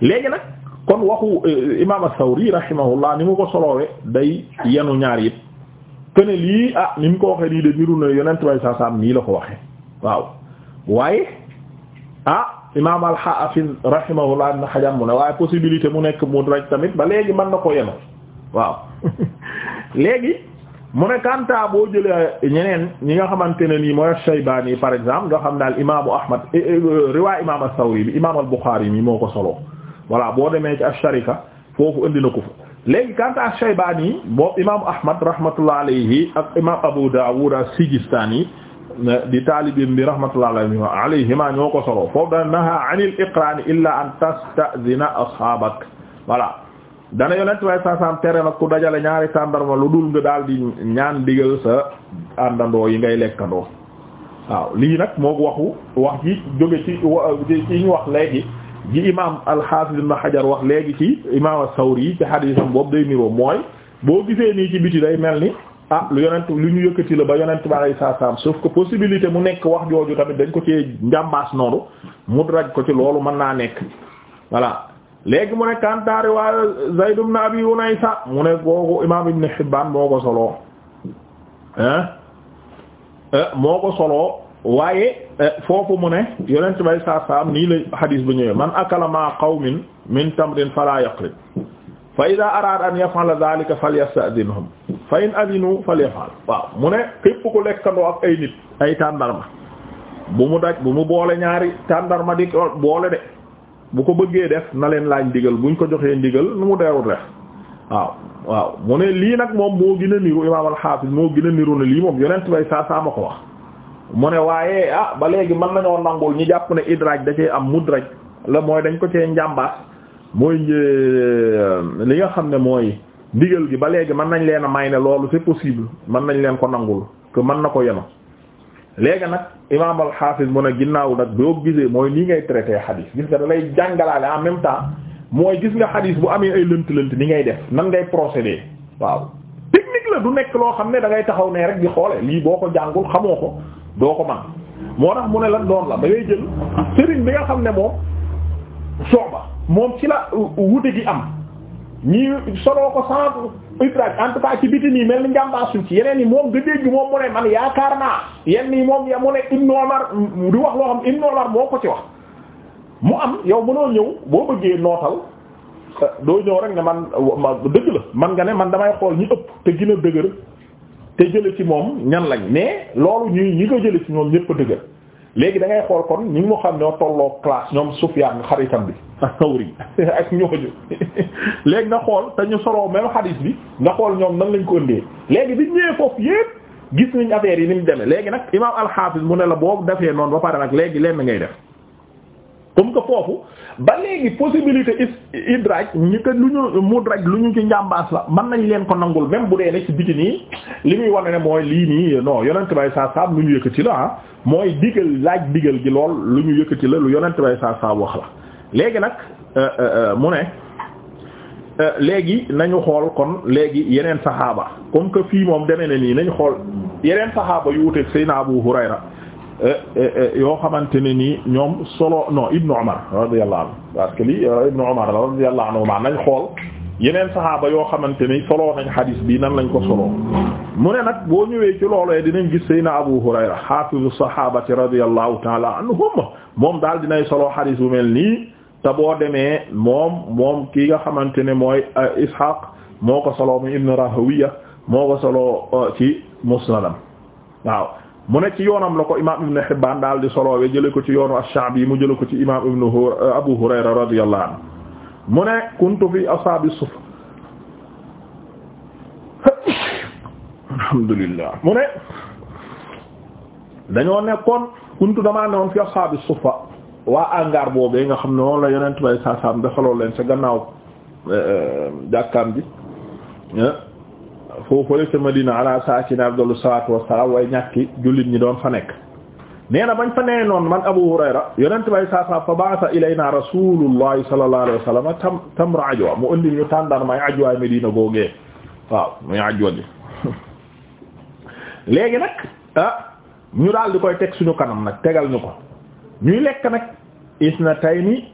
léegi nag kon waxu euh, imaam as-Sawri rahimahullah ni mu ko soloowe day yenu ñaar yëpp kene lii ah ni mu ko waxee lii de niru na yonent bay saa nii la ko waxee waaw waaye ah imaam al-Hafiz rahimahullah ibn Hajar mu ne waaye possibilité mu nekk mu raj tamit ba léegi man na ko yenu waaw léegi mu ne Kanta boo jëlee ñeneen ñi nga xamante ne nii mooy yi par exemple nga xam ne al imaamu Ahmad eh, eh, riwaay imaam as-Sawri bi imaam al-Bukhari mi solo voilà boo demee ci ash-sharika foofu indi na ko fa léegi kanta ash-shaybani boo imam ahmad rahmatullah alayhi ak imam abu dawud as-sijistani di taalibin bi rahmatullah alayhima ñoo ko solo foofu dana naha anil iqrani illa an tasta'dina ashaabak voilà dana yonent way sasam tere nag ku dajale ñaari tàndarma lu dul nga daal di ñaan digal sa àndandoo yi ngay lekkandoo waaw lii nag moo waxu wax ji jóge ci ci ñu wax léegi gi imam al-Hafiz ibn Hajar wax léegi ci imam as-Sawri yi ci xadisam boobu day niroo mooy boo gisee nii ci biti day mel ni ah lu yonent lu ñu yëkkati la ba yonent bi alay saa saam sauf que mu nekk wax jooju tamit dañ ko ci njàmbaas noonu mu raj ko ci loolu mën naa nekk voilà léegi mu ne kantaari waa Zayd ibn Abi Unaysa mu ne boobu imam Ibn Hibbaan moo ko soloo hein eh, moo ko soloo waaye Eh, foofu mu ne yonent bay saa saam nii la xadiis ba ñëwee man a ma qawmin min tamrin fala yaqrib fa ida araada an yaf'ala dhalika falyasta'dinhum fa in adinu falyaf'al waaw mu ne képp ku lekkandoo ak ay nit ay tàndarma bu mu daj bu mu boole ñaari tàndarma di boole de bu ko bëggee def na leen laaj ndigal buñ ko joxee ndigal nu mu deewul def waaw waaw mu ne lii nag moom moo gën a niru imaam al-Hafiz moo gën a niru ne lii moom yonent bay saa ko mu ne waaye ah ba léegi mën nañoo nangul ñu jàpp ne idraaj da cee am mudraj la mooy dañ ko cee njàmbaas mooy euh, li nga xam ne mooy ndigal gi ba léegi mën nañ leen a may ne loolu c'est possible mën nañ leen ko nangul que mën na ko yeno léegi nag imaam al-Hafiz mu ne ginnaaw nag boo gisee mooy nii ngay traité xadis gis nga da lay jàngalaale en même temps mooy gis nga xadis bu amee ay lënt-lënt ni ngay def nan ngay procéder waaw technique la du nekk loo xam ne da ngay taxaw ne rek di xoole lii boo ko jàngul xamoo ko doo ko man moo tax mu ne lan doon la da jël sëriñ bi nga xam ne moom sooba moom ci la wute gi am ñii soloo ko sans outrage en tout cas ci biti nii mel ni njàmbaasuñ ci yeneen yi moom da dégg moom mu ne man yaakaar naa yenn yi moom ya mu ne Ibn Umar di wax loo xam Ibn Umar moo ko ci wax mu am yow mënoo ñëw boo bëggee nootal doo ñëw rek ne man dëgg la man nga ne man damay xool ñi ëpp te gin a dëgër te jële ci moom ñan lañ ne loolu ñuy ñi ko jële ci ñoom ñépp a dëgër léegi da ngay xool kon ñi mu xam ne tolloo classe ñoom Sufyaan xaritam bi An-Nawri ak ñooñu léegi nga xool te ñu soloo même xadis bi nga xool ñoom nan lañ ko ëndee léegi bi ñëwee foofu yépp gis nañ affaire yi ni mu demee léegi nag imaam al-Hafiz mu ne la boobu defee noonu ba pare nag léegi leen na ngay def comme que foofu ba léegi possibilité is idraj ñu ko lu ñu mu mudraj lu ñu ci njàmbaas la man nañ leen ko nangul même bu dee ne ci biti nii li muy wane ne mooy lii nii non yonent bay saa saab lu ñu yëkkati la ah mooy digal laaj digal gi lool lu ñu yëkkati la lu yonent bay saa saab wax la léegi nag euh, euh, euh, mu ne léegi nañu xool kon léegi yeneen saxaaba comme que fii moom demee na nii nañu xool yeneen saxaaba yu naa Seydina Abu Hurayra Eh, eh, eh, yoo xamante ne nii ñoom solo non Ibnu Umar radiyallahu anhu parce que lii Ibnu Umar maa nañ xool yeneen saxaaba yoo xamante ni solo nañ xadiis bi nan lañ ko solo mu ne nag boo ñëwee ci loolee dinañ gis Seydina Abu Hurayra xaafizu saxaabati radiyallahu taala anhum moom daal dinay solo xadiis bu mel nii te boo demee moom moom kii nga xamante ne mooy Ishaq moo ko solo mu Ibnu Rahawiya moo ko solo ci musnadam mu ne ci yoonam la ko imaam ibn Hibbaan daal di soloowe jële ko ci yoonu mu jële ko ci imaam ibn euh, Abu Hurayra ne kuntu fi ashaabi suff alhamdulillah mu ne dañoo nekkoon kuntu damaa ne woon fi ashaabi suffa waa angaar boobee nga xam ne moom la yonent bay saasaam defaloon leen sa gannaaw euh, euh, jàkkaam bi foofale ca Madina ala saakina abdal salaatu wassalaam ñàkki jullit ñi doon fa nekk nee na bañ fa nee noon man Abu Hurayra yonent bay saasaam fa ba'atha ilayna rasulullahi sallallahu alayhi wa sallam tam tamra ajwa mu indi ñu tàndar may ajwaay Madina googee waaw muy ajwa léegi nag ah ñu daal di koy teg suñu kanam nag tegal ñu ko ñuy lekk nag na isnatayni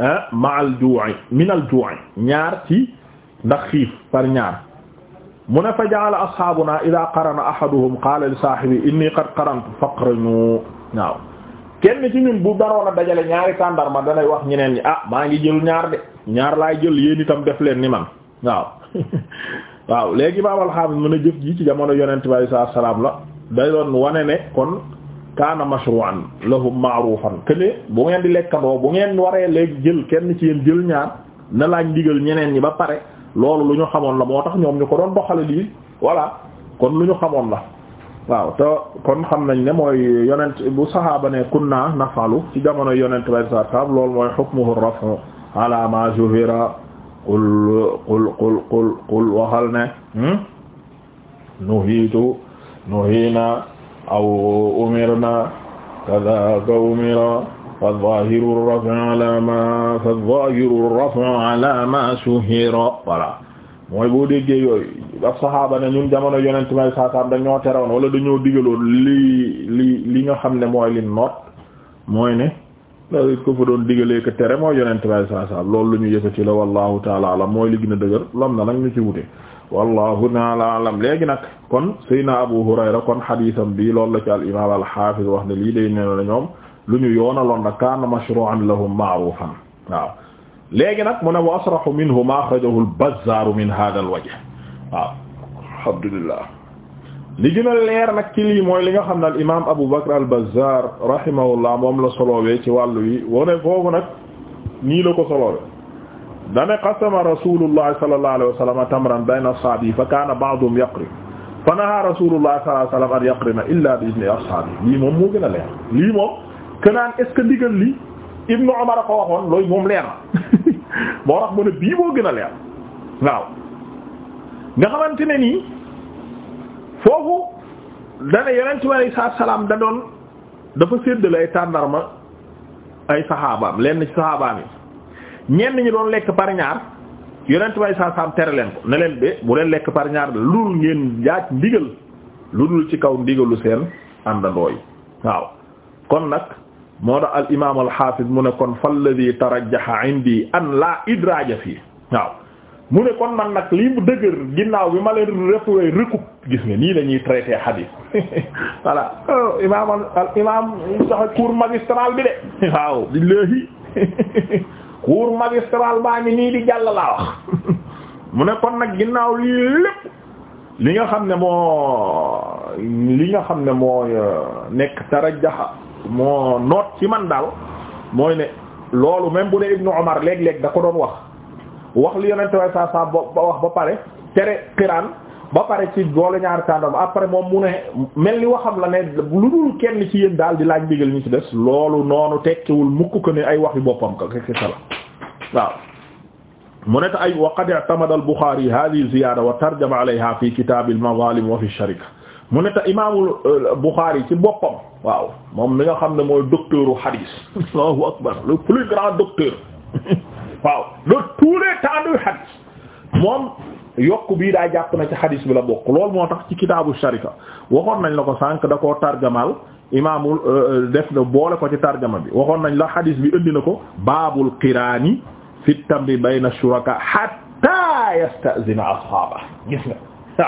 ah, ma'al ju'i minal ju'i ñaar ci ndax xiif par ñaar mu ne fa ja'ala ashaabuna idaa qarana ahaduhum qaala li saahibi inni qad qarantu faqrinu waaw kenn ci ñun bu daroon a dajale ñaari tàndarma danay wax ñeneen ñi ah maa ngi jël ñaar de ñaar laay jël yéen itam def leen ni man waaw waaw léegi imaam al-Haafiz mën a jëf ji ci jamono yonent bi sallallahu alayhi la day doon wane ne kon kaana mashru'an lahum ma'rufan ne bu ngeen di lekkandoo bu ngeen waree léegi jël kenn ci yéen jël ñaar na laaj ndigal ñeneen ñi ba pare loolu lu ñu xamoon la moo tax ñoom ñu ko doon doxale lii voilà kon lu ñu xamoon la waaw kon xam nañ ne mooy bu sahaaba ne kunna nafalu ci jamono yonent bay sa mooy hukmuhu rafu ala ma zuhira qul qul qul qul qul waxal ne hmm? nuhiitu nuhiina aw umirna kadaka umira fadhahiru rafa ala ma fadhahiru rafa ala ma suhira voilà mooy boo déggee yooyu ak saxaaba ne ñun jamono yonent may da dañoo terewoon wala dañoo digaloon li li li nga xam ne mooy li noot mooy ne loolu ko fa doon digalee ko tere mooy yonent may saasaam lool lu ñu yëkkati la wallahu taala alam mooy li gën a dëgër lam na nag ñu ci wute wallahu taala alam léegi nag kon Seydina Abu Hurayra kon xadiisam bi loolu la ci al imaam al xaafiz wax ne lii day nee na ñoom lu ñu yoonaloon nag kaana mashru'an lahum ma'rufan waaw léegi nag mu ne wa asrahu minhu ma akhrajahu al-Bazzar min hadha al-wajh waaw alhamdulillah li gën a leer nag ci lii mooy li nga xam ne al imaam Abu Bakr al-Bazzar rahimahullah moom la solowee ci wàllu yi wone foofu nag nii la ko solowee dane qasama rasulullah sallallahu alayhi wa sallam tamran bayna ashaabihi fa kaana ba'duhum yaqri fa nahaa rasulullah sallallahu alayhi wa sallam an yaqrina illa bi izni ashaabihi lii moom moo gën a leer lii moom que naan est-ce ndigal li Ibnu Umar a ko waxoon looy moom leer na moo tax mu ne bii moo gën a leer waaw nga xamante ne nii foofu dana yonent bi alay da doon dafa séddale ay tàndarma ay saxaabaam lenn ci saxaabaam yi ñenn ñi doon lekk par ñaar yonent bi alay tere leen ko ne leen be bu leen lekk par ñaar lu dul ngeen jaaj ndigal lu dul ci kaw ndigalu seen àndandoo yi waaw kon nag moo tax al imaam mu ne kon falladi tarajjaha indi an la idraja fii waaw mu ne kon man nag lii mu dëgër ginnaaw bi ma leen refwee recoub gis nga nii la ñuy traité hadith voilà imaam al imaam sax cours magistral bi de waaw billahi cours magistral baa ngi nii di jàll laa mu ne kon nag ginnaaw lii lépp li nga xam ne moo li nga xam ne moo euh, nekk moo noot ci man daal mooy ne loolu même bu ne Ibnu Umar léeg-léeg da ko doon wax wax li yonente way saa sa ba wax ba pare tere xiraan ba pare ci boole ñaari tàndam après moom mu ne mel ni waxam la ne lu dul kenn ci yéen daal di laaj ndigal ñu ci des loolu noonu tekkiwul mukk ko ne ay wax yu boppam ko kese la waaw mu ne te ay wa qad i'tamada al-Bukhari hadhihi ziyada wa tarjama alayha fi kitab al-mazalim wa fi ash-sharika mu ne ta imaamul euh, Bukhari ci boppam waaw moom mi nga xam ne mooy docteuru hadis Allahu akbar le plus grand docteur waaw de tous les temps du hadis moom yokk bii daa jàpp na ci hadis bi la bokk lool moo tax ci kitaabu sharifa waxoon nañ la ko sànq da koo tarjamal imaamul euh, euh, def na boole ko ci tarjama bi waxoon nañ la hadis bi indi na ko baabul qiraani fi tamri bayna shuraka hatta yasta'zina ashaaba gis nga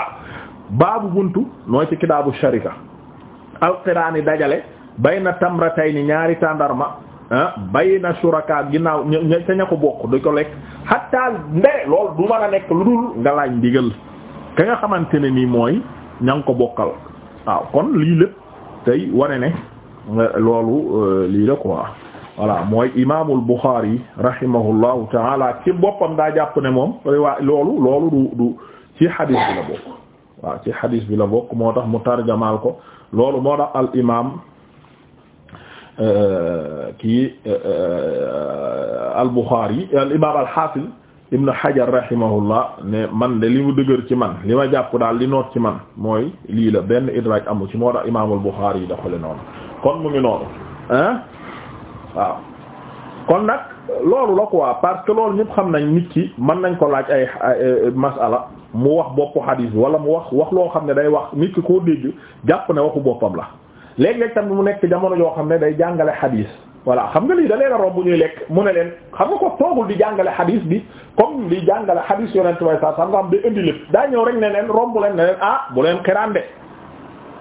baabu buntu mooy ci kitaabu sharika alqiraani dajale bayna tamratayni ñaari tàndarma ah bayna shuraka ginnaaw ña ca ña ko bokk di ko lekk hatta ndere loolu du mën laaj ndigal nga xamante ne nii mooy ña ngi ko bokkal waaw kon lii lépp tey wane ne loolu euh, lii la quoi voilà mooy imaamul Bukhari rahimahullahu taala ci boppam daa jàpp ne moom loolu loolu du ci hadith la bokk. waaw ci xadis bi la bokk moo tax mu tarjamaal ko loolu moo tax al imaam euh, kii euh, al Buxaari al imaam al xaafis ibnu Hajar ne man de li mu dëgër ci man li ma jàpp daal li noot ci man mooy lii la benn idraaj amu ci moo tax imaamul Buxaari yi doxale noonu kon mu ngi noonu hein waaw kon nag loolu la quoi parce que loolu ñëpp xam nañ nit ki mën nañ ko laaj ay masala mu wax boppu xadiis wala mu wax wax loo xam ne day wax nit ko koo dégg jàpp ne waxu boppam la léeg-léeg tamit mu nekk jamono yoo xam ne day jàngale xadiis voilà xam nga lii da leen a romb ñuy lekk mu ne leen xam nga ko toogul di jàngale xadiis bi comme di jàngale xadiis yonent way sa sam nga xam day indi lépp daa ñëw rek ne leen romb leen ne leen ah bu leen xiraan de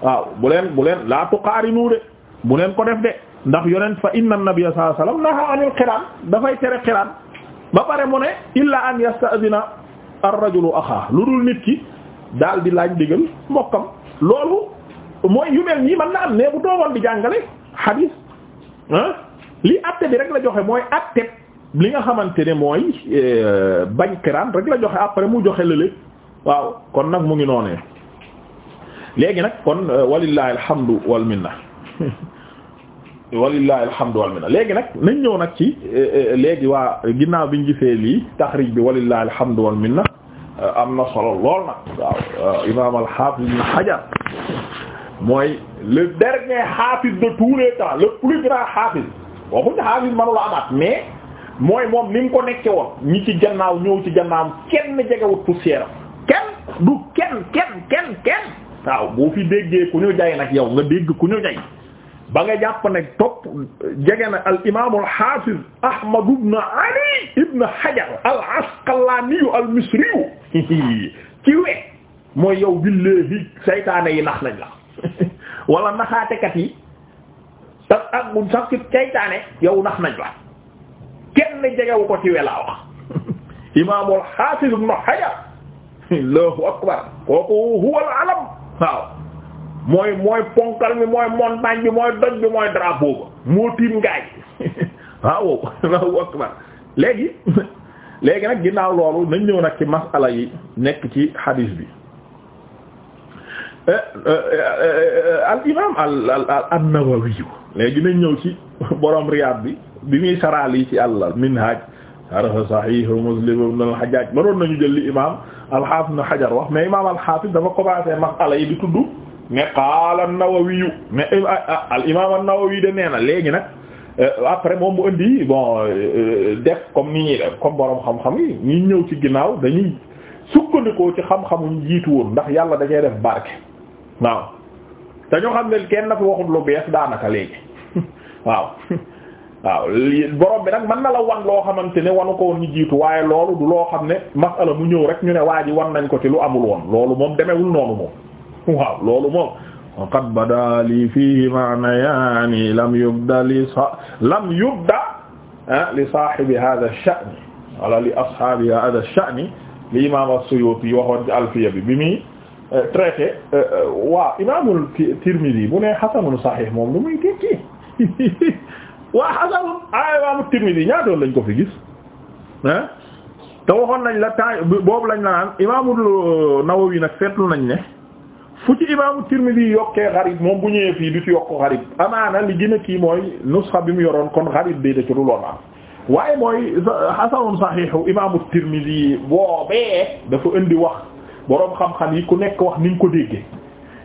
waaw bu leen bu leen laa tuqaarinu de bu leen ko def de ndax yonent fa inna nabiyya sallallahu alayhi wasallam naha anil xiraan dafay ba pare mu ne illa an yasta'dina ar-rajulu axaa lu dul nit ki daal di laaj digal mbokkam loolu mooy yu mel nii man na am ne bu doogoon di jàngale xadiis ah li atte bi rek la joxe mooy atte li nga xamante ne mooy euh, bañ kiraan rek la joxe après mu joxe lële waaw kon nag mu ngi noonee léegi nag kon euh, walillahi alhamdu wal minna walillahi alhamdu wal léegi nag nañ ñëw nag ci eh, eh, léegi waa ginnaaw biñ gisee lii taxrij bi walillahi alhamdu wal minna eh, am na solo lool nag waaw imam al-Hafiz mooy le dernier hafiz de tous les temps le plus grand hafiz waxuñ hafiz manula amaat mais mooy moom ni ko nekke woon ñi ci gannaaw ñëw ci gannaaw kenn jegewut poussière kenn du kenn kenn kenn kenn waaw boo fi déggee ku ñu jay nag yow nga dégg ku ñu jay ba nga jàpp ne topp jege na al imaamul hafiz Ahmad ibn Ali ibn Hajar al Asqalani al Misri ci we mooy yow billahi saytaane yi nax nañ la wala naxaatekat yi tax ak bu ci saytaane yow nax nañ la kenn jegewu ko ci we laa wax imaamul hafiz ibn Hajar Allahu akbar kooku huwa al alam waaw mooy mooy ponkal mi mooy montagne bi mooy doj bi mooy drapeau ba moo tiim ngaay waaw waaw akbar léegi léegi nag ginnaaw loolu nañ ñëw nag ci masala yi nekk ci hadis bi eh, eh, eh, al imam al an-Nawawi léegi nañ ñëw ci borom Riyad bi bi muy saraal yi ci al minhaj sharh sahih Muslim ibn al-Hajjaj mënoon nañu jël li imam al-Hafiz Ibn Hajar wax mais imam al-Hafiz dafa commencé masala yi di tudd ne qaala an-Nawawi ne al imaam an-Nawawi de nee na léegi nag euh, après moom mu indi bon euh, def comme ni ñuy def comme borom xam-xam yi ñi ñëw ci ginnaaw dañuy sukkandikoo ci xam-xamuñ jiitu woon ndax yàlla dañuy def barke waaw te xam ne kenn na fi waxut lu bees daanaka léegi waaw waaw borom bi nag mën na la wan loo xamante ne wanu ko woon ñu jiitu waaye loolu du loo xam ne masala mu ñëw rek ñu ne waa ji wan nañ ko ci lu amul woon loolu moom demewul noonu moom waaw loolu moom waqad bada li fihi ma'nayaani lam yubda li sa lam yubda ah, li saahibi hadha ash-sha'n wala li ashaabi hadha ash-sha'n li imam as-Suyuti waxoon ci alfiya bi bi muy eh, traité eh, eh, waa imamul Tirmidhi bu ne xasanun sahih moom lu muy tekki waa xasanun ah imamul Tirmidhi ñaatoon lañ ko fi gis ah te waxoon nañ la temps boobu lañ la naan imamul Nawawi nag seetlu nañ ne fu ci imaamu Tirmidhi yokkee xarib moom bu ñëwee fii du ci yokk xarib amaana li gën a kii mooy nusxa bi mu yoroon kon xarib bi da ci duloon am waaye mooy xasanun saxiixu imaamu Tirmidhi boobee dafa indi wax boroom xam-xam yi ku nekk wax ni nga ko déggee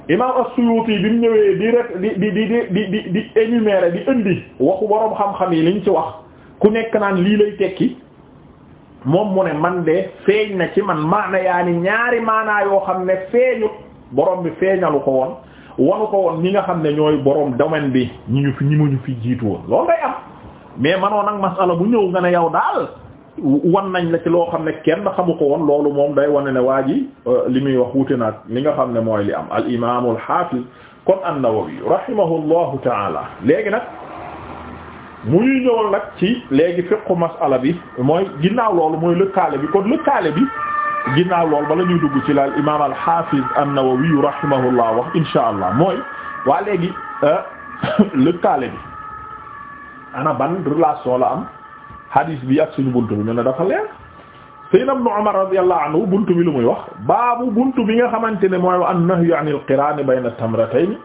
imaam as-Suyuti bi mu ñëwee di rek di di di di di di énumérer di indi waxu boroom xam-xam yi liñ ci wax ku nekk naan lii lay tekki moom mu ne man de feeñ na ci man maana yaani ñaari maanaa yoo xam ne feeñut borom bi feeñalu ko woon wanu ko woon ñi nga xam ne ñooy borom domaine bi ñi ñu fi ñi ñu fi jiitu woon loolu day am mais manoon ak masala bu ñëw nga ne yow daal wan nañ la ci loo xam ne kenn xamu ko woon loolu moom day wane ne waa ji euh, li muy wax wuute naag li nga xam ne mooy li am al imaam al hafiz kon an-Nawawi rahimahullahu taala léegi nag mu ñuy ñëwal nag ci léegi fiqu masala bi mooy ginnaaw loolu mooy lëkkaale bi kon lëkkaale bi ginnaaw lool bala ñuy dugg ci laal imaam al-Hafiz an-Nawawi rahimahullah wax insha allah mooy waa léegi euh, lëkkaale bi ana ban relation la am hadith bi ak suñu buntu bi ñu ne dafa leer Sayyidina Ibn Umar radiyallahu anhu buntu bi lu muy wax baabu bunt bi nga xamante ne mooy an-nahyu anil qiraan bayna at-tamratayni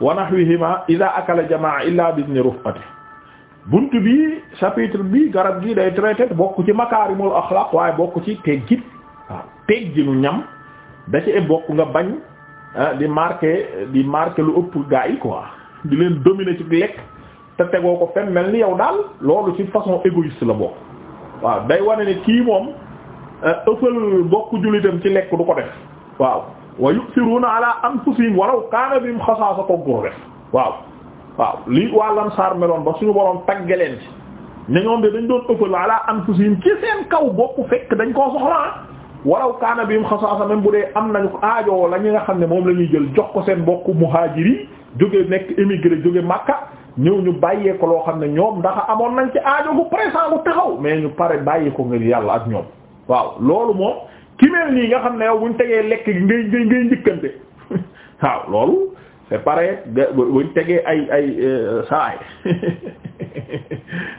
wa nahwihima idha akala jamaa illa bi idni rufqatihi bi chapitre bi garab gi day traité bokk ci makaarimul axlaaq waaye bokk ci teggit waaw tegginu ñam da ci bokk nga bañ ah, di marqué di marqué lu ëpp gaa yi quoi di leen dominer ci lekk te tegoo ko fenn mel ni yow daal loolu ci façon égoïste la bokk waaw day wane ne kii moom ah, ëppal bokk jullitam ci lekk du ko def waaw wa yu'thiruna ala anfusihim walaw kana bihim xasaasa ko gur def waaw lii waa Ansaar meloon ba suñu boroom tagge leen ci ne ñoom de dañ doon ëppal ala anfusihim ci seen kaw bokk fekk dañ koo soxla ah. walaw kaana bihim xasaasa même bu dee am nañu aajoo la ñi nga xam ne moom la ñuy jël jox ko seen mbokku muhaajir yi jóge nekk émigré jóge Makka ñëw ñu bàyyee ko loo xam ne ñoom ndax amoon nañ ci aajo bu présent bu taxaw mais ñu pare bàyyi ko ngir yàlla ak ñoom waaw loolu moom ki mel nii nga xam ne yow buñ tegee lekk gi ngay ngay ngay njëkkante waaw loolu pare pareil buñ tegee ay ay euh, saay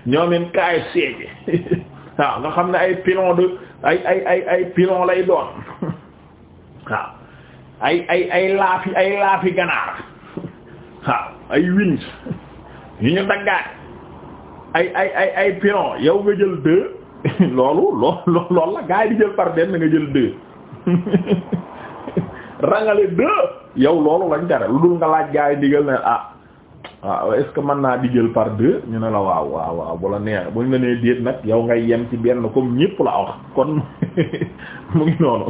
ñoomin kaay seegi waaw nga xam ne ay pilon de ay ay pilon lay doon waaw ay ay ay laafi ay laafi ganaar waaw ay wings yu ñu daggaat ay ay ay yow nga jël deux loolu loo la gaa yi di jël par benn nga jël deux rangale deux yow loolu lañ dara lu dul nga laaj gaa yi digal ne ah waaw est-ce que mën naa digal par deux ñu ne la waaw waaw waaw bu la neex bu ñu la nee déet nag yow ngay yem ci benn comme ñépp la wax kon mu ngi noonu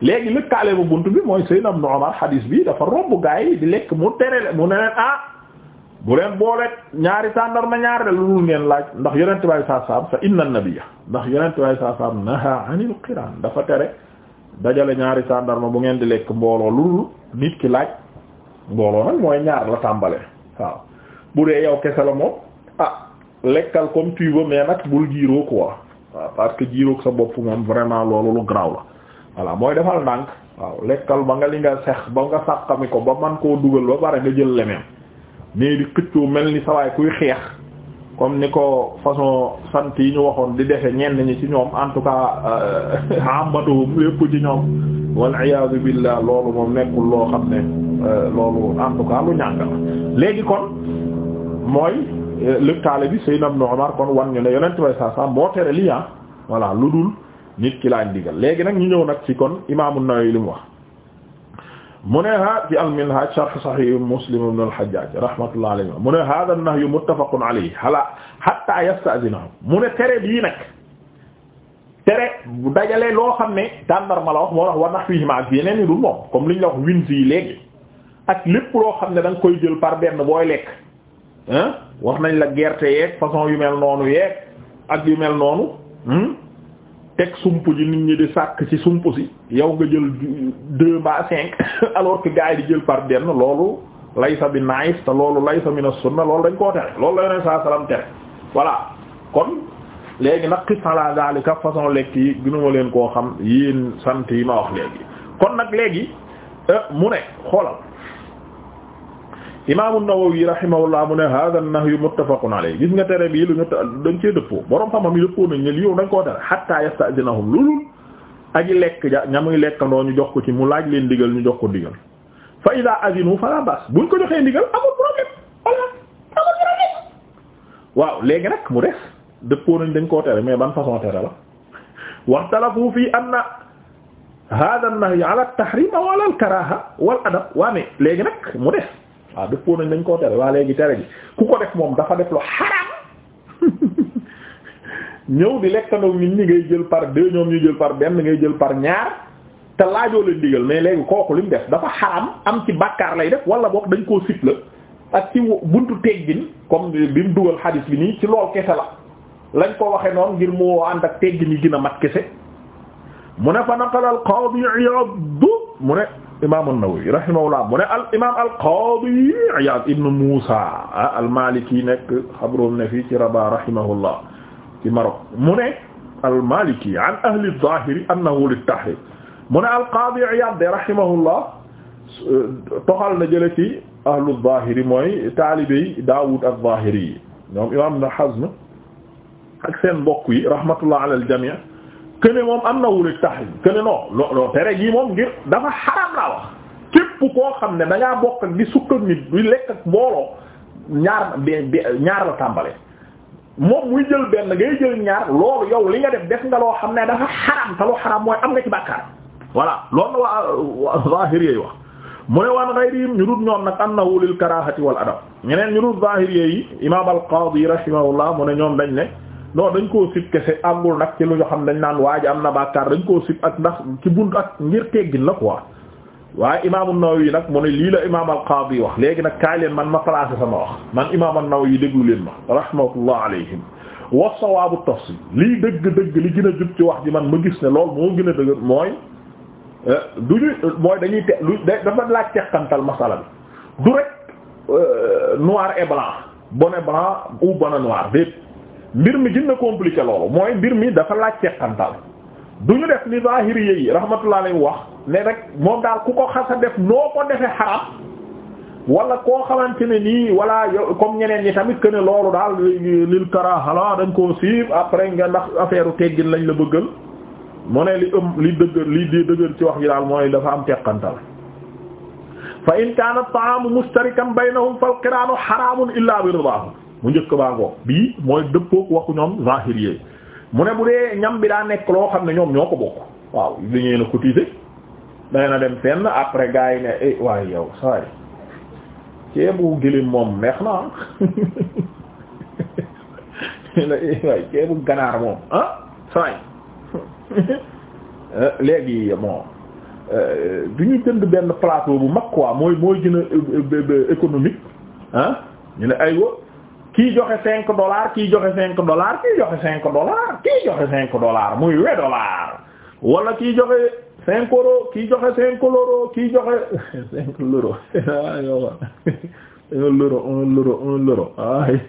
léegi lëkkaale bu bunt bi mooy Seydina Ibn bi dafa romb mu tere mu ne leen ah bu leen boole ñaari tàndar ma ñaari lu dul ngeen laaj ndax yonent baay sa saam inna nabiyya ndax yonent baay saa saam naha anil qiraan dafa tere dajale ñaari tàndar bu ngeen di lekk mbooloo lu dul nit ki laaj mbooloo nag mooy bu dee yow kese la moom ah lekkal comme tu mais nag bul jiiroo ko waaw parce que jiiroog sa bopp moom vraiment loolu lu garaaw la voilà mooy defal ndànk waaw lekkal ba nga li nga sex ba nga sàqami ko ba man koo dugal ba pare nga jël lemeen mais di mel ni sawaay kuy xeex comme ni ko façon sant yi ñu waxoon di defe ñenn ñi ci ñoom en tout cas euh, ambatuhum lépp ci ñoom wal iyaazu billah loolu moom nekkul loo xam ne euh, loolu en lu ñàng la léegi mooy euh, lëkkaale bi Seydina Ibn Umar kon wan ñu ne yonent bay saa saa moo tere lii ah voilà lu dul nit ki laañ digal léegi nag ñu ñëw nag ci kon imaamu Nawawi li mu wax mu ne ha ci al-Minhaj sharh Sahih Muslim ibn al-Hajjaj rahmatullah alayhi mu ne hadha an-nahyu muttafaqun alayhi hala hatta yasta'zinahu mu ne tere bii nag tere bu dajale loo xam ne tàndarma la wax moo tax war nax fii ma ak yeneen i dul moom comme li ñu la wax winsi yi léegi ak lépp loo xam ne da nga koy jël par benn lekk wax nañ la gerte yeeg façon yu mel noonu yeeg ak yu mel noonu hmm? teg sump ji nit ñi di sàkk ci sump si yow nga jël deux ba cinq alors que gars yi di jël par benn loolu laysa bi naayis te loolu laysa min as-sunna loolu dañ koo tere loolu la yoneen saa salaam tere voilà kon léegi nag xis ala zalika façon lekk yi ginuma leen koo xam yéen sant yi ma wax léegi kon nag léegi euh, mu ne xoolal imaamu Nawawi rahimahullah mu ne hada nahyu muttafaqun alayhi gis nga tere bii lu ñu dañ cee dëppoo borom xam-xam yi dëppoo nañ ne yow dañ koo tere hatta yastazinahum loolul aji lekk ja ña muy lekkandoo ñu jox ko ci mu laaj leen digal ñu jox ko digal fa ida azinu fala bas buñ ko joxee digal amul problème problème waaw léegi nag mu des dëppoo nañ dañ koo tere mais ban façon tere la waxtalafu fi anna hada nahyu ala at aw ala al-karaha adab waa waaw dëppoo nañ dañ koo tere waa léegi tere bi ku ko def moom dafa def lu xaraam ñëw di lekkandoog nit ñi ngay jël par deux ñoom ñu jël par benn ngay jël par ñaar te laajoo leen digal mais léegi kooku lim def dafa xaram am ci bàkkaar lay def wala boog dañ koo sit la ak ci buntu teggin comme bi mu dugal xadis bi nii ci lool kese la lañ ko waxe noonu ngir mu ànd ak teggin yi gën a mat kese mu ne fa naqala al qadi mu ne imam an-Nawawi rahimahullah mu ne al imam al qadi Iyad ibn Musa al Maliki nekk xabroom ne fii ci Rabat rahimahullah ci Maroc mu ne al Maliki an ahli az-zahiri annahu lit-tahrim mu ne al qadi Iyad de rahimahullah toxal na jële ci ahlu az-zahiri mooy taalibey Daawud az-Zahiri yi ñoom imam Ibn Hazm ak seen mbokk yi rahmatullah ala al jami' këne moom am na wulit tahrim këne non loo tere gi moom ngir dafa xaram laa wax képp koo xam ne da ngaa bokk ak di sukk ak nit di lekk ak ñaar ñaar la tàmbalee moom muy jël benn ngay jël ñaar loolu yow li nga def def nga loo xam ne dafa xaram te lu mooy am nga ci bàkkaar voilà loolu la waa euh, zahiri yi wax mu ne waan ghayrihim ñu dut ñoom nag annahu lil karahati wal adab ñeneen ñu dut zahiri yi mu ne ñoom dañ ne non dañ koo sib kese àggul nag ci lu ñu xam dañ naan waaj am na bàkkaar dañ koo sib ak ndax ci bunt ak ngir teggin la quoi waaye imaamu Nawawi nag mu ne lii la imaam al-Qaadi wax léegi nag kaay leen man ma placé sama wax man imaam an-Nawawi déglu leen ma rahmatullah alayhim wa sawaabu tafsiil lii dëgg-dëgg li gën a jub ci wax ji man ma gis ne lool moo gën a dëgg mooy eh, du ñu mooy dañuy te lu dafa laaj teqantal masala bi du rek euh, noir et mbir mi gën na compliqué loolu mooy mbir mi dafa laaj teqantal du ñu def ni zahiri yi rahmatullah alayhi wax ne rek moom daal ku ko xasa def noo ko defe xaram wala koo xamante ne nii wala comme ñeneen ñi tamit que ne loolu daal lil karaha la dañ koo siib après nga ndax affaire lañ la bëggal mu ne li ëm li dëgër di dëgër ci wax ji daal mooy dafa am teqantal fa in kaana ta'amu mustarikan baynahum fal qiranu haramun illa bi ridahum mu njëkk baa ngoog bii mooy dëppook waxu ñoom zahiriyee mu ne bu dee ñam bi daa nekk loo xam ne ñoom ñoo ko bokk waaw dañee na cotiser day na dem fenn après gars yi ne eh, waaye yow saa ceebu gëléem moom neex na ah waaye ceebu ganaar moom ah saa yi eh, léegi bon eh, du ñu jënd benn plateau bu mag quoi mooy mooy gën a euh, euh, euh, économique ah ñu ne aywa kii joxe cinq dollars kii joxe cinq dollars kii joxe cinq dollars kii joxe muy we dollars wala kii joxe cinq euros kii joxe cinq euros kii joxe cinq euros ah, un euro un euro un euro ay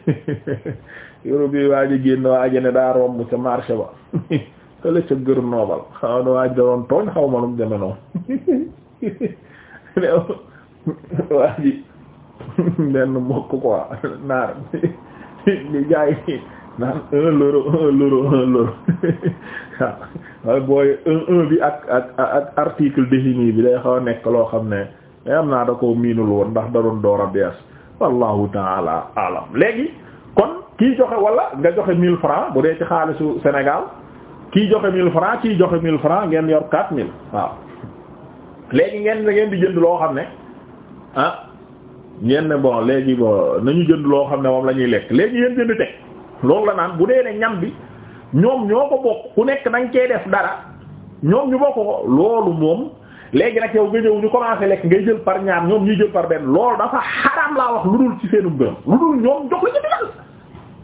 euro bi waa ji génn ne daa romb ca marché ba tële ca gër noobal xaw na waa doon tooñ xaw ma nu mu demee noonu benn mbokk quoi naar di jaay naan un booy bi ak ak ak article défini bi day xaw a nekk loo xam ne mais am naa da koo miinul woon ndax da doon door a bees wallahu taala alam léegi kon kii joxe wala nga joxe mille francs bu dee ci xaalisu Sénégal kii joxe mille francs kii joxe mille francs ngeen yor quatre mille waaw léegi ngeen ngeen di jënd loo xam ne ah ngeen ne bon léegi bon nañu jënd loo xam ne moom la ñuy lekk léegi yéen jënd teg loolu la naan bu dee ne ñam bi ñoom ñoo ko bokk ku nekk nañ cee def dara ñoom ñu bokk ko loolu moom léegi nag yow nga ñëw ñu commencé lekk ngay jël par ñaar ñoom ñuy jël par loolu dafa xaram wax lu dul ci seenu lu dul ñoom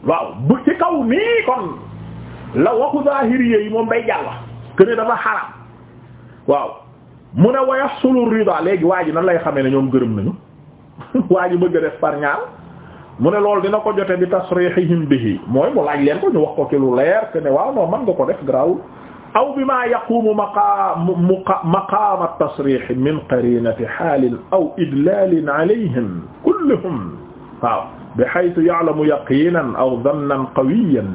waaw bu ci kaw nii kon la yi moom day jàlla que ne dafa xaram waaw mu ne wayax sulu rida léegi waa ji nan lay xamee ne ñoom gërëm nañu waa ji bëgg a def par ñaar mu ne loolu dina ko jote bi tasrihihim bihi mooy mu laaj leen ko ñu wax ko ci lu leer que ne waaw non man nga ko def grawul aw bi ma yaqumu maqaam maqaam at-tasrih min qarinati xaalin aw idlalin alayhim kulluhum waaw bi haythu ya'lamu yaqinan aw dhannan qawiyan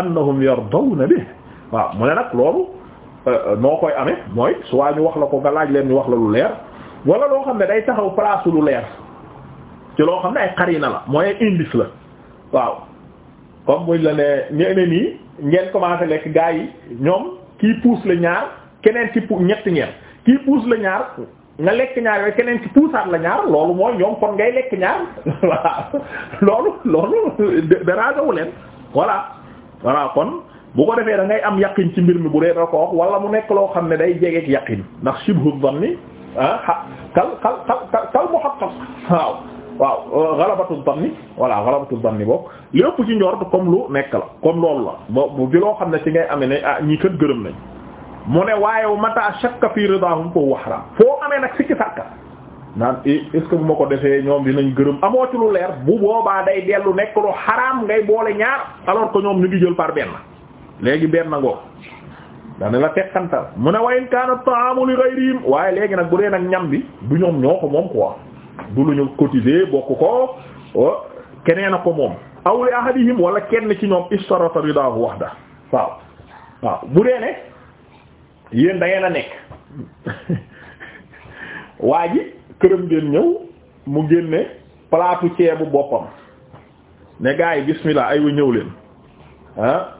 annahum yardawna bihi waaw mu ne nag loolu euh, noo koy amee mooy su waa ñu wax la ko nga laaj leen ñu wax la lu leer wala loo xam ne day taxaw place lu leer ci loo xam ne ay na la mooy ay indice la waaw comme buñ la ne ñe ne nii ngeen commencé lekk gaa yi ñoom kii puus la ñaar keneen ci ñetti ngeen ñeent kii puus la ñaar nga lekk ñaar yooyu keneen ci puusaat la ñaar loolu mooy ñoom kon ngay lekk ñaar waaw loolu loolu dérangewu leen voilà voilà kon bu ko defee da ngay am yaqin ci mbir mi bu dee da ko wala mu nekk loo xam ne day jegeek yaqin ndax shibhu dhanni ah kal kal kal kal muhaqqaq waaw waaw xalabatu danni voilà xalabatu danni bokk lépp ci njort comme lu nekk la comme loolu la boobu bi loo xam ne ci ngay amee ne ah ñii kat gërëm nañ mu ne waaye wu mata shakka fii ridahum ko wax raam foo amee nag sikki sàkka naan eh, est-ce bu ma ko defee ñoom dinañ gërëm amoo ci lu leer bu boobaa day dellu nekk lu xaraam ngay boole ñaar alors ko ñoom ñu ngi jël par benn léegi benn ngoo dana la teqantal mu ne wayin kaana ta'amu li ghayrihim waaye léegi nag bu dee nag ñam bi du ñoom ñoo ko moom quoi du lu ñu cotiser bokk ko oh, keneen a ko moom aw li ahadihim wala kenn ci ñoom istarata ridahu wahda waaw waaw bu dee ne yéen da ngeen nekk waa ji këram ngeen ñëw mu génne palaatu ceebu boppam ne gars yi bismillah aywa ñëw leen ah?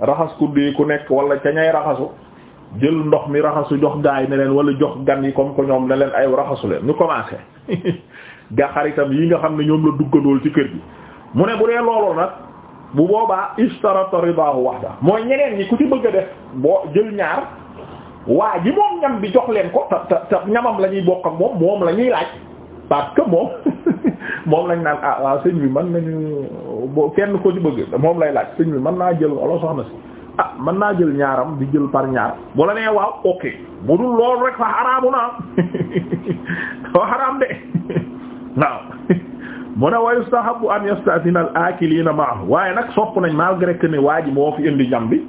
raxas ku di ku nekk wala ca ñay raxasu jël ndox mi raxasu jox gaay ne leen wala jox gan yi comme ko ñoom ne leen ay raxasu leen ñu commencé ga xaritam yi nga xam ne ñoom la duggadool ci kër gi mu ne bu dee looloo nag bu boobaa istarata ridahu wahda mooy ñeneen ñi ku ci bëgg a def boo jël ñaar waa ji moom ñam bi jox leen ko te te ñamam la ñuy bokk ak moom moom la ñuy laaj parce moom moom lañ naan ah waa sëñ bi mën nañu boo kenn ko ci bëgg moom lay laaj sëñ bi mën naa jël wala soxna si ah mën naa jël ñaaram di jël par ñaar bu la nee waaw ok bu dul loolu rek fa xaraamu naa fa xaraam de waaw mu ne wa yustahabu an yasta'zina al akilina ma'ahu waaye nag sopp nañ malgré que ne waa ji moo fi indi ñam bi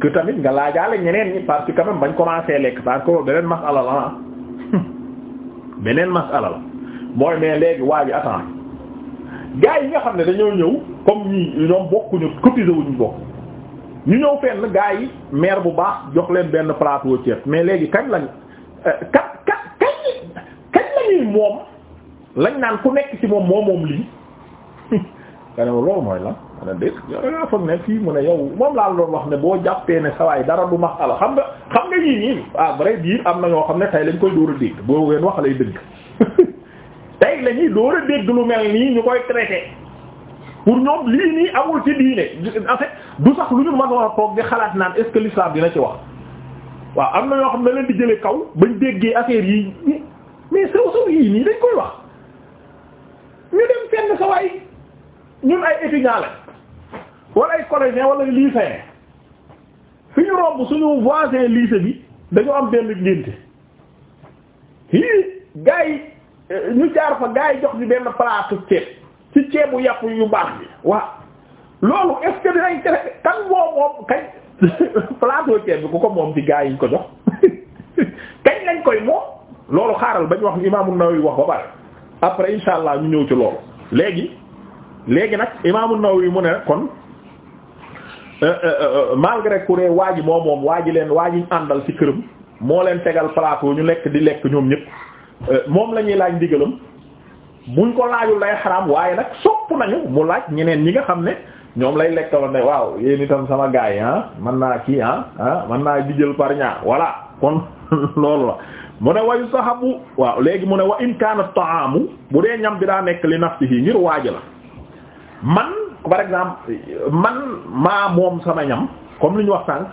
que tamit nga laajaale ñeneen ñi parce bañ commencé lekk parce que beneen masala la ah. beneen masala la mooy mais léegi waa ji attends yi nga xam ne dañoo ñëw comme ñi ñoom bokkuñu cotiser wuñu bokk ñu ñëw fenn gaa yi maire bu baax jox leen benn plateau ceeb mais léegi kañ lañ euh, ka lañuy moom lañ naan ku nekk ci moom moo moom lii nga loolu mooy la ma a dégg nga foog ne fii mu ne yow moom laa doon wax ne boo jàppee ne sawaay dara du max ala xam nga xam nga yii nii à vrai dire am na ñoo xam ne tey lañ koy door a dégg boo ngeen wax lay dëgg tey lañuy door a dégg lu mel nii ñu koy traité. pour ñoom lii nii amul ci diine en fait du sax lu ñu mën war a toog di xalaat naan est-ce que l'islam na ci wax waaw am na ñoo xam ne leen di jëlee kaw bañ déggee affaire yi mais sew sew yii nii dañ koy wax ñu dem fenn sa ñun ay étudiants la ay collégiens wala lycéens fi ñu romb suñu voisin lycée bi dañoo am benn ngénte hii gaa yi euh, ñu jaar fa gaa yi jox ñu benn plateau ceeb ci ceebu yàpp yu baax bi waaw loolu est ce moom moom kañ plateau ceeb bi ku ko moom ci gaa yi ko jox kañ lañ koy moom loolu xaaral bañ wax Imaam An-Nawawi wax ba pare après insha allah ñu ñëw ci loolu léegi léegi nag Imaam An-Nawawi mu ne kon euh, euh, euh, malgré que waa ji moo moom waa ji leen waa ji ñu àndal ci këram moo leen tegal plateau ñu lekk di lekk ñoom ñëpp moom la ñuy laaj ndigalam buñ ko laajul lay xaraam waaye nag sopp nañu mu laaj ñeneen ñi nga xam ne ñoom lay lekkaloon ne waaw yéen itam sama gaay ah man naa kii ah, ah man naa di jël par ñaar kon loolu la mu ne wayu sahabu waaw léegi mu ne wa in kaana ta'amu bu dee ñam bi daa nekk li nafsihi ngir waaj la man par exemple man maa moom sama ñam comme lu ñu wax sànq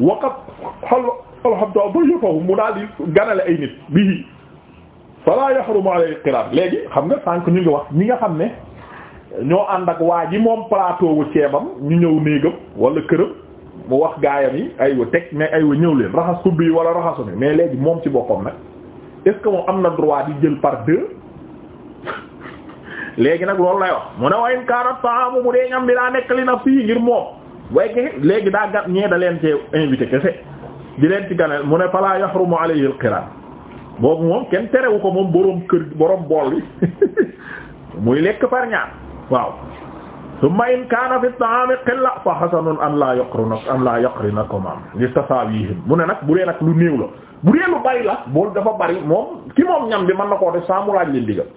waqat xol alhamdulilah ba yëfawu mu daal di ganale ay nit bii fala yahrumu alayhi qirab léegi xam nga sànq ñu ngi wax ñi nga xam ne ñoo ànd ak waa ji moom plateau wu ceebam ñu ñëw néegam wala këram mu wax gaayam yi aywa teg mais aywa ñëw leen raxas kubb yi wala raxasu ne mais léegi moom ci boppam nag est moom am na droit di jël par léegi nag loolu lay wax mu ne wayn kaanat taamu bu dee ñam bi daa nekk li na fii ngir moom wayke léegi daa gat ñee da leen cee invité kese di leen ci ganel mu ne fala yahrumu alayhi al qirab boobu moom kenn terewu ko moom boroom kër boroom bool bi muy lekk par ñaar waaw summa in kaana fi ta'aami qilla fa hasanun an laa yaqruna an laa yaqrinakuma li tasaawihim mu ne nag bu dee nag lu néew la bu dee lu bari la bool dafa bari moom ki moom ñam bi mën na koo def saa mu laaj leen digal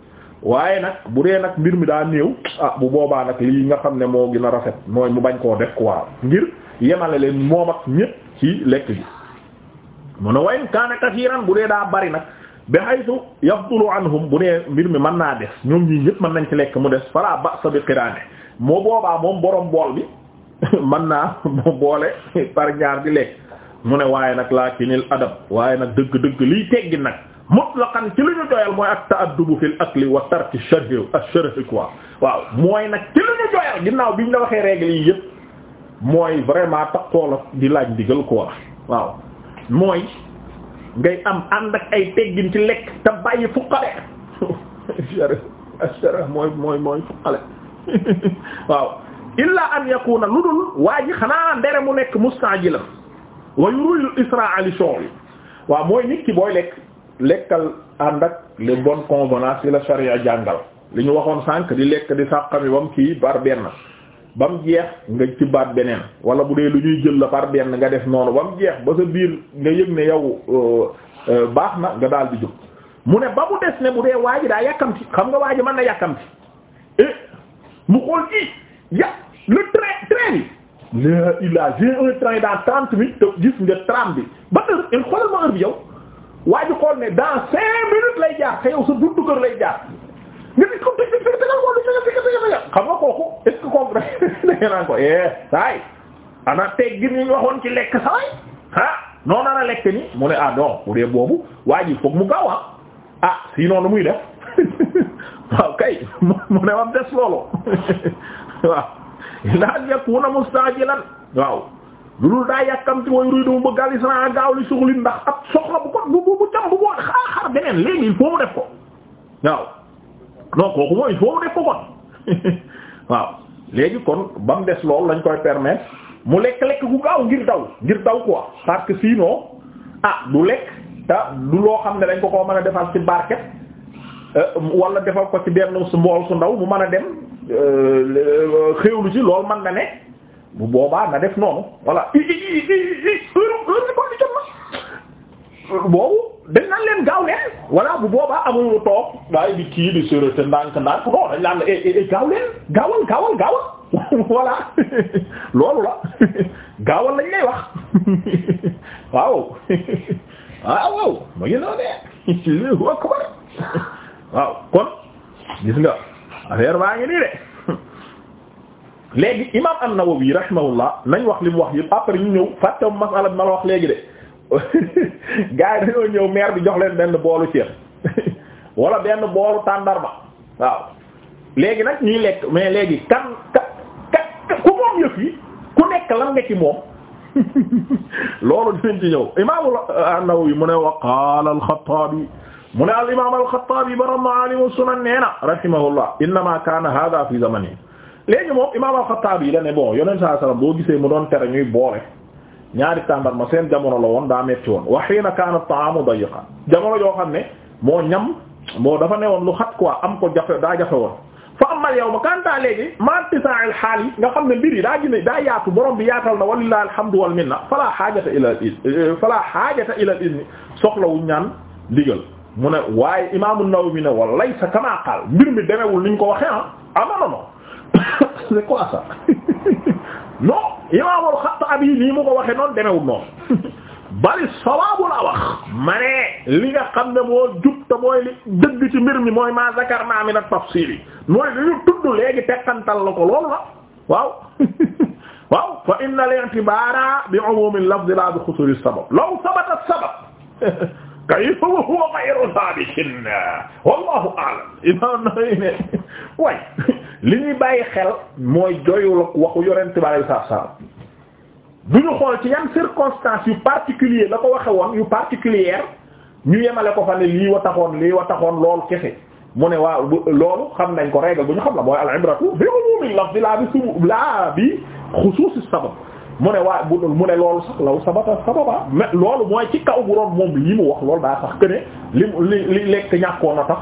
waaye nag bu dee nag mbir mi daa néew ah bu boobaa nag lii nga xam ne moo gën a rafet mooy mu bañ koo def quoi ngir yemale leen moom ak ñépp ci lekk gi mu ne wayn kaana kasiiran bu dee daa bari nag bi haytu yafdulu anhum bu dee mbir mi mën naa des ñoom ñii ñëpp mën nañ ci lekk mu des fala ba'sa bi qiraane moo boobaa moom borom bool bi mën naa mu boole par ñaar di lekk mu ne waaye nag laakinil adab waaye nag dëgg-dëgg liy teggi nag mutlaqan ci lu ñu doyal mooy ak ta'addubu fil akli wa tarki sharhi ash-sharhi quoi waaw mooy nag ci lu ñu doyal ginnaaw biñ la waxee règle yi yëpp mooy vraiment taxawal di laaj ndigal quoi waaw. mooy ngay am ànd ak ay teggin ci lekk te bàyyi fuqale mooy mooy waaw illa an yakuna lu dul waa ji xanaa ndere mu nekk mustajilan wa yuridu israa li shughli waaw mooy nit ki booy lekk lekkal ànd ak les bonnes convenances yi la sharia jàngal li ñu waxoon sànq di lekk di sàqami bam kii bar benn ba mu jeex nga ci baat beneen wala bu dee lu ñuy jël la par benn nga def noonu ba mu jeex ba sa biir nga yëg ne yow euh, euh, baax na nga daal di jóg mu ne ba mu des ne bu dee waa ji daa yàkkamti xam nga waa man mën na yàkkamti eh, mu xool i ya le train train bi la ila j'ai un train dans trente minutes gis nga tram bi ba heure xoolal ma heure bi yow waa ji xool ne dans cinq minutes lay jaar te yow sa buntu kër lay jaar nga di ko dégg dégg déggal wala dégg dégg dégg xam nga kooku est-ce que kooku da eh, saay ana teg gi ñu waxoon ci lekk saay ah noonu ana lekk ni mu ne ah non bu dee boobu waa ji foog mu gaaw ah ah sinon lu muy def waaw kay mu ne wam des loolu waaw laa yakuna mustajilan waaw lu dul daa yàkkamti way ruy dum bëgg al isra gaaw li suxlin ndax ab soxla bu ko bu bu bu jam bu boo xaar beneen léegi il faut def ko waaw non kooku mooy foo nekk ko kon waaw léegi kon ba mu des lool lañ koy permettre mu lekk-lekk ku gaaw ngir daw ngir daw ko parce que sinon ah du lekk te du loo xam ne dañ ko koo mën a defal ci barket wala defal ko ci benn su mbool su ndaw mu mën a dem xéwlu ci loolu man na ne bu boobaa na def noonu voilà i ko di jot na boobu dañ naan leen gaaw leen voilà bu boobaa amul lu toog waaye di kii di séré te ndànk ndànk non dañ naan la eh, eh, eh, gaaw leen gaawal gaawal gaawal voilà loolu la gaawal lañ lay wax waaw ah, waaw waaw mu kon gis nga affaire baa ngi nii de léegi imam an-Nawawi rahimahullah nañ wax li mu wax yëpp après ñu ñëw fàttewu masala bi ma la wax léegi de gars yi dañoo ñëw bi jox leen benn boolu ceeb wala benn boolu tàndarma waaw léegi nag ñuy lekk mais léegi kan ku moom yëf ku nekk lan nga ci moom loolu dinañ ci ñëw imaamul An-Nawawi mu ne wa qaala al-Xattaabi mu ne al-imaam al-Xattaabi borom Maalimu Sunan nee na rahimahullah innamaa kaana haadaa fi zamani léegi moom imaam al-Xattaabi da ne bon yonent saa boo gisee mu doon tere ñuy boole. ñaari tàndarma seen jamono la woon daa metti woon wa hiina kaana at-ta'aamu dayiqan jamono yoo xam ne moo ñam moo dafa ne woon lu xat quoi am ko jafe daa jafe woon fa amma al-yawma kanta léegi ma tisa'il xaal yi nga xam ne mbir yi daa gine bi yaatal na walillahi alhamdu wal minna fala haajata ila al eh, fala haajata ila al-izni soxlawu ñaan digal mu ne waaye imaam an-Nawawi ne wa laysa kama qaal mbir mi demewul niñ ko waxe ah ah non non imaamul Xattaabi nii mu ko waxee noonu demewul noonu bari sawaabu la wax ma li nga xam ne moo jub te mooy li dëgg ci mbir mi mooy maa zakar naa mi nag tafsiir yi mooy li ñu tudd léegi teqantal la ko loolu la waaw waaw fa inna al-i'tibaara bi umuumi al-lafzi laa bi xusuuri sabab law sabata sabab kayfa wa huwa ghayru sabitin wallahu a'lam imaam Nawawi ne way li ñuy bàyyi xel mooy doyul ak waxu yonent bi alayhi salaatu du ñu xool ci yan circonstances yu particulier la ko waxe woon yu particulière ñu yemale ko fa lii wa taxoon lii wa taxoon loolu kese mu ne waaw loolu xam nañ ko règle bu ñu xam la mooy al ibratu bi umumil lafzi laa bi laa bi xusuusi sabab mu ne waa bu mu ne loolu sax law sabata sababa mais loolu mooy ci kaw bu doon moom li mu wax loolu daa sax que ne li li li lekk ñàkkoon a tax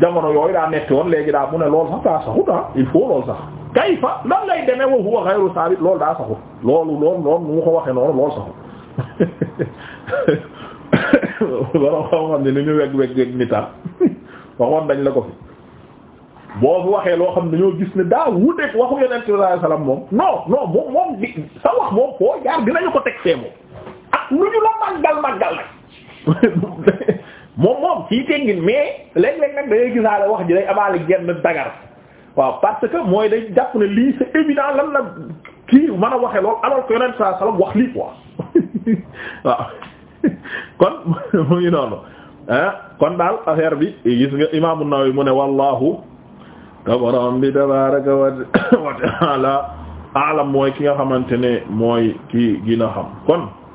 jamono yooyu daa metti woon léegi daa mu ne loolu sax daa saxut ah il faut loolu sax kayfa nan lay demee wa huwa ghayru sabit loolu daa saxut loolu loolu loolu mu ko waxee noonu loolu saxut borom xam-xam ne ni ñu weg weg weg ni tax waxoon dañ la ko fi boo fi waxee loo xam ne dañoo gis ne daa wuteeg waxu yonent sallallahu alayhi moom non non moom moom sa wax moom foo jaar dinañu ko teg see moom ak lu ñu la màggal màggal nag moom moom fii teggin mais léeg-léeg nag dañuy gisaale wax ji day amaale genn dagar waaw parce que mooy day jàpp ne lii c'est évident lan la kii mën a waxee lool alors que yonent sallallahu alayhi wasallam wax lii quoi waaw kon mu ngi noonu ah kon daal affaire bi gis nga imaamu Nawawi mu ne wallahu te borom bi tabaraka wa taala alam mooy ki nga xamante ne mooy ki gën a xam kon